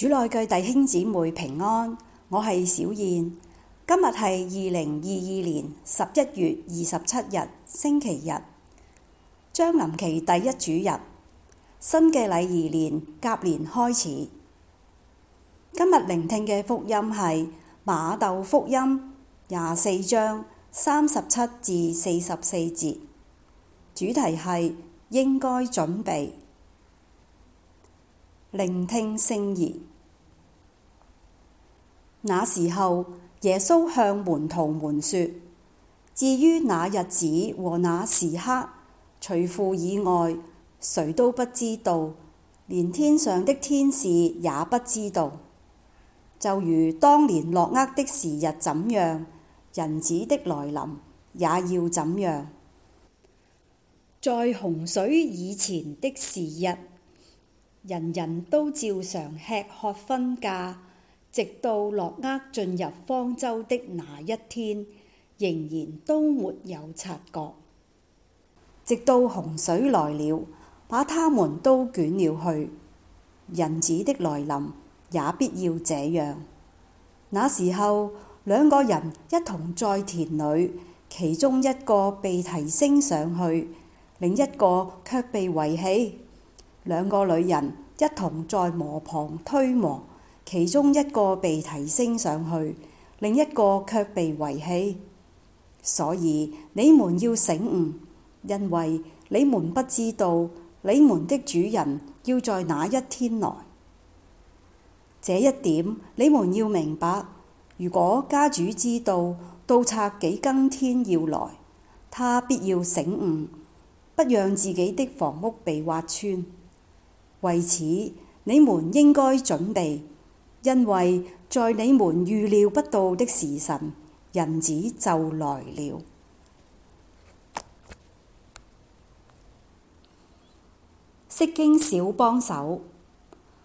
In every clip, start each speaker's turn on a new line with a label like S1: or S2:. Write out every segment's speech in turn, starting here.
S1: 主內嘅弟兄姊妹平安，我係小燕，今日係二零二二年十一月二十七日星期日，將臨期第一主日，新嘅禮儀年甲年開始。今日聆聽嘅福音係馬竇福音廿四章三十七至四十四節，主題係應該準備。聆聽聖言。那時候，耶穌向門徒們説：至於那日子和那時刻，除父以外，誰都不知道，連天上的天使也不知道。就如當年諾厄的時日怎樣，人子的來臨也要怎樣。在洪水以前的時日。人人都照常吃喝婚嫁，直到諾厄進入方舟的那一天，仍然都沒有察覺，直到洪水來了，把他們都捲了去。人子的來臨也必要這樣，那時候，兩個人一同在田裏，其中一個被提昇上去，另一個卻被遺棄。兩個女人一同在磨旁推磨，其中一個被提昇上去，另一個卻被遺棄。所以你們要醒寤，因為你們不知道你們的主人要在哪一天來。這一點你們要明白。如果家主知道盜賊幾更天要來，他必要醒寤，不讓自己的房屋被挖穿。為此，你們應該準備，因為在你們預料不到的時辰，人子就來了。釋經小幫手，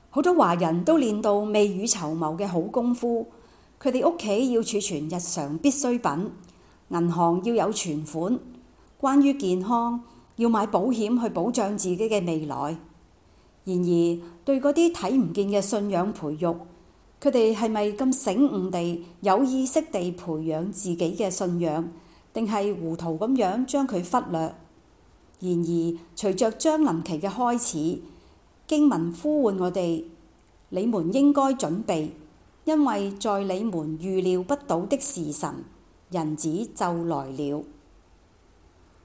S1: 好多華人都練到未雨綢繆嘅好功夫。佢哋屋企要儲存日常必需品，銀行要有存款，關於健康要買保險去保障自己嘅未來。然而，對嗰啲睇唔見嘅信仰培育，佢哋係咪咁醒悟地、有意識地培養自己嘅信仰，定係糊塗咁樣將佢忽略？然而，隨着將臨期嘅開始，經文呼喚我哋：你們應該準備，因為在你們預料不到的時辰，人子就來了。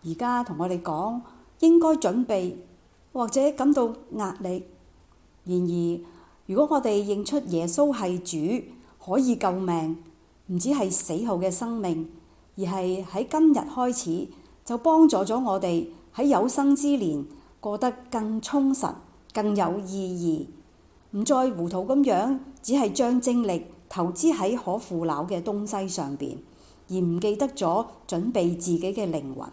S1: 而家同我哋講，應該準備。或者感到壓力，然而，如果我哋認出耶穌係主，可以救命，唔止係死後嘅生命，而係喺今日開始就幫助咗我哋喺有生之年過得更充實、更有意義，唔再糊塗咁樣，只係將精力投資喺可腐朽嘅東西上邊，而唔記得咗準備自己嘅靈魂。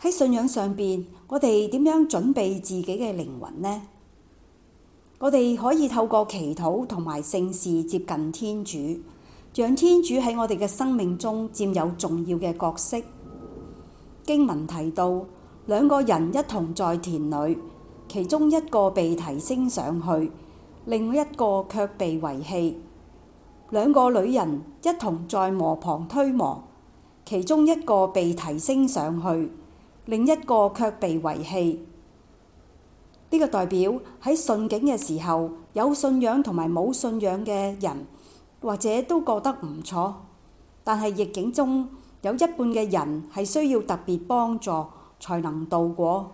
S1: 喺信仰上邊，我哋點樣準備自己嘅靈魂呢？我哋可以透過祈禱同埋聖事接近天主，讓天主喺我哋嘅生命中佔有重要嘅角色。經文提到，兩個人一同在田裏，其中一個被提昇上去，另外一個卻被遺棄；兩個女人一同在磨旁推磨，其中一個被提昇上去。另一個卻被遺棄。呢個代表喺順境嘅時候有信仰同埋冇信仰嘅人，或者都過得唔錯，但係逆境中有一半嘅人係需要特別幫助才能渡過。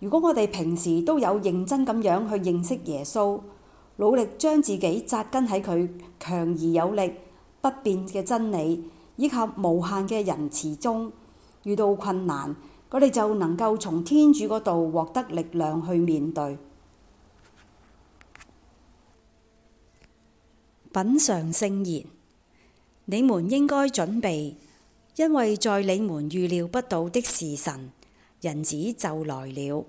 S1: 如果我哋平時都有認真咁樣去認識耶穌，努力將自己扎根喺佢強而有力、不變嘅真理，以及無限嘅仁慈中。遇到困難，我哋就能夠從天主嗰度獲得力量去面對。品嚐聖言，你們應該準備，因為在你們預料不到的時辰，人子就來了。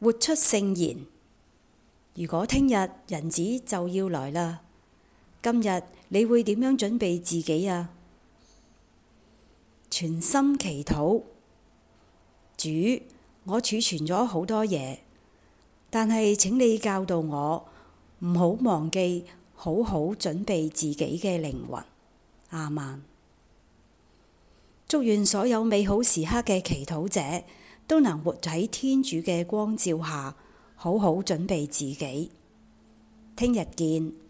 S1: 活出聖言，如果聽日人子就要來啦，今日你會點樣準備自己啊？全心祈禱，主，我儲存咗好多嘢，但係請你教導我，唔好忘記好好準備自己嘅靈魂。阿曼，祝願所有美好時刻嘅祈禱者都能活喺天主嘅光照下，好好準備自己。聽日見。